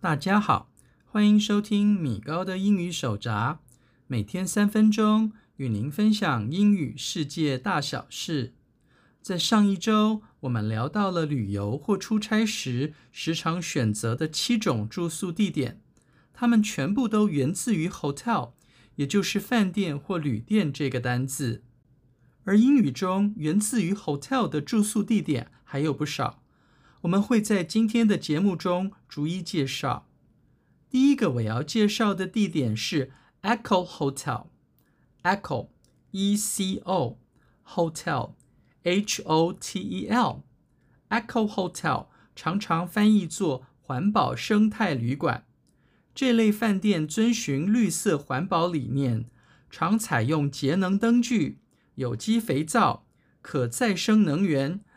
大家好，歡迎收聽米高的英語手札，每天三分鐘與您分享英語世界大小事。在上一周，我們聊到了旅遊或出差時時常選擇的七種住宿地點，它們全部都源自於 hotel，也就是飯店或旅店這個單字。而英語中源自於 hotel 的住宿地點還有不少，我們會在今天的節目中逐一介紹。第一個我要介紹的地點是 Eco Hotel。Eco E C O Hotel H O T E L Eco Hotel 常常翻譯作環保生態旅館。這類飯店遵循綠色環保理念，常採用節能燈具、有機肥皂、可再生能源。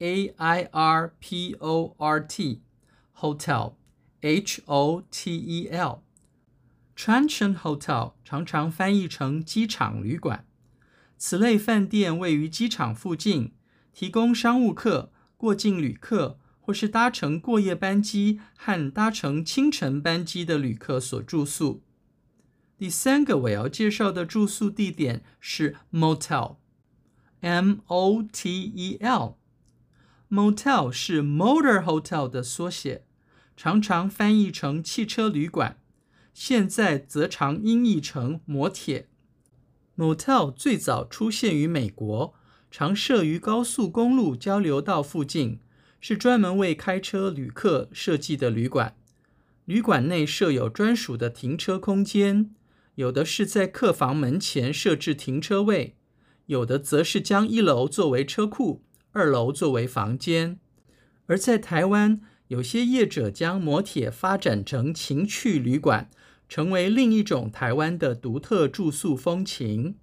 A I R P O R T Hotel, H O T E L，Trenchen Hotel，常常翻譯成機場旅館。此類飯店位於機場附近，提供商務客、過境旅客或是搭乘過夜班機和搭乘清晨班機的旅客所住宿。第三個我要介紹的住宿地點是 Motel, M O T E L。Motel 是 Motor Hotel 的縮寫，常常翻譯成汽車旅館，現在則常音譯成摩鐵。Motel 最早出現於美國，常設於高速公路交流道附近，是專門為開車旅客設計的旅館。旅館內設有專屬的停車空間，有的是在客房門前設置停車位，有的則是將一樓作為車庫。二樓作為房間，而在台灣，有些業者將摩鐵發展成情趣旅館，成為另一種台灣的獨特住宿風情。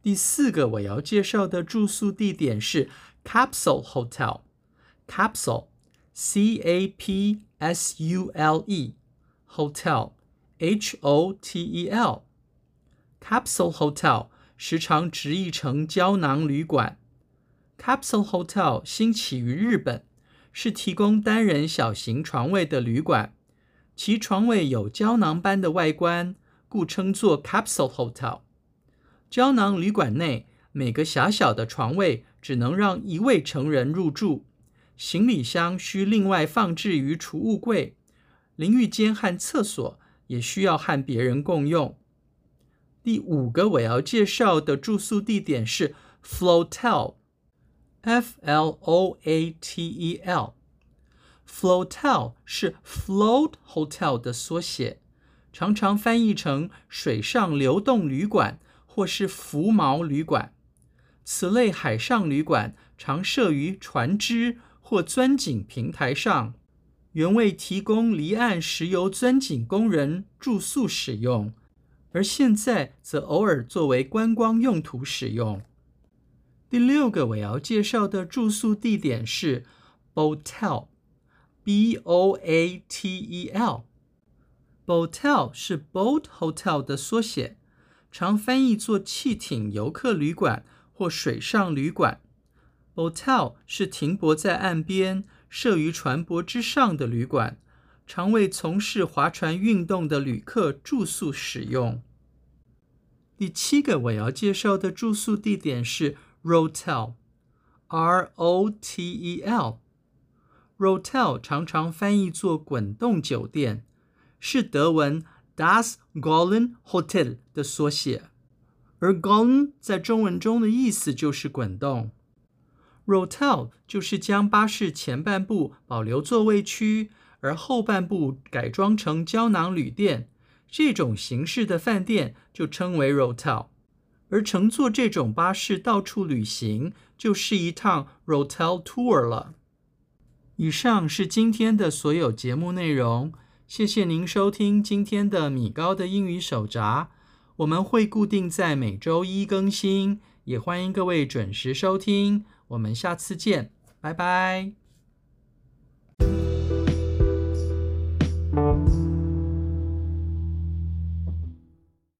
第四個我要介紹的住宿地點是 Capsule Hotel，Capsule，C A P S U L E，Hotel，H O T E L，Capsule Hotel 時常直譯成膠囊旅館。Capsule Hotel 興起於日本，是提供單人小型床位的旅館。其床位有膠囊般的外觀，故稱作 Capsule Hotel。膠囊旅館內每個狹小的床位只能讓一位成人入住，行李箱需另外放置於儲物櫃，淋浴間和廁所也需要和別人共用。第五個我要介紹的住宿地點是 Flotel。F L O A T E L，Floatel 是 Float Hotel 的縮寫，常常翻譯成水上流動旅館或是浮毛旅館。此類海上旅館常設於船隻或鑽井平台上，原為提供離岸石油鑽井工人住宿使用，而現在則偶爾作為觀光用途使用。第六個我要介紹的住宿地點是 Botel，B O A T E L，Botel 是 Boat Hotel 的縮寫，常翻譯做汽艇遊客旅館或水上旅館。Botel 是停泊在岸邊，設於船舶之上的旅館，常為從事划船運動的旅客住宿使用。第七個我要介紹的住宿地點是。Rotel，R O T E L，Rotel 常常翻譯作滾動酒店，是德文 Das Goln Hotel 的縮寫，而 Goln 在中文中的意思就是滾動。Rotel 就是將巴士前半部保留座位區，而後半部改裝成膠囊旅店，這種形式的飯店就稱為 Rotel。而乘坐這種巴士到處旅行，就是一趟 rotel tour 了。以上是今天的所有節目內容，謝謝您收聽今天的米高的英語手札。我們會固定在每周一更新，也歡迎各位準時收聽。我們下次見，拜拜。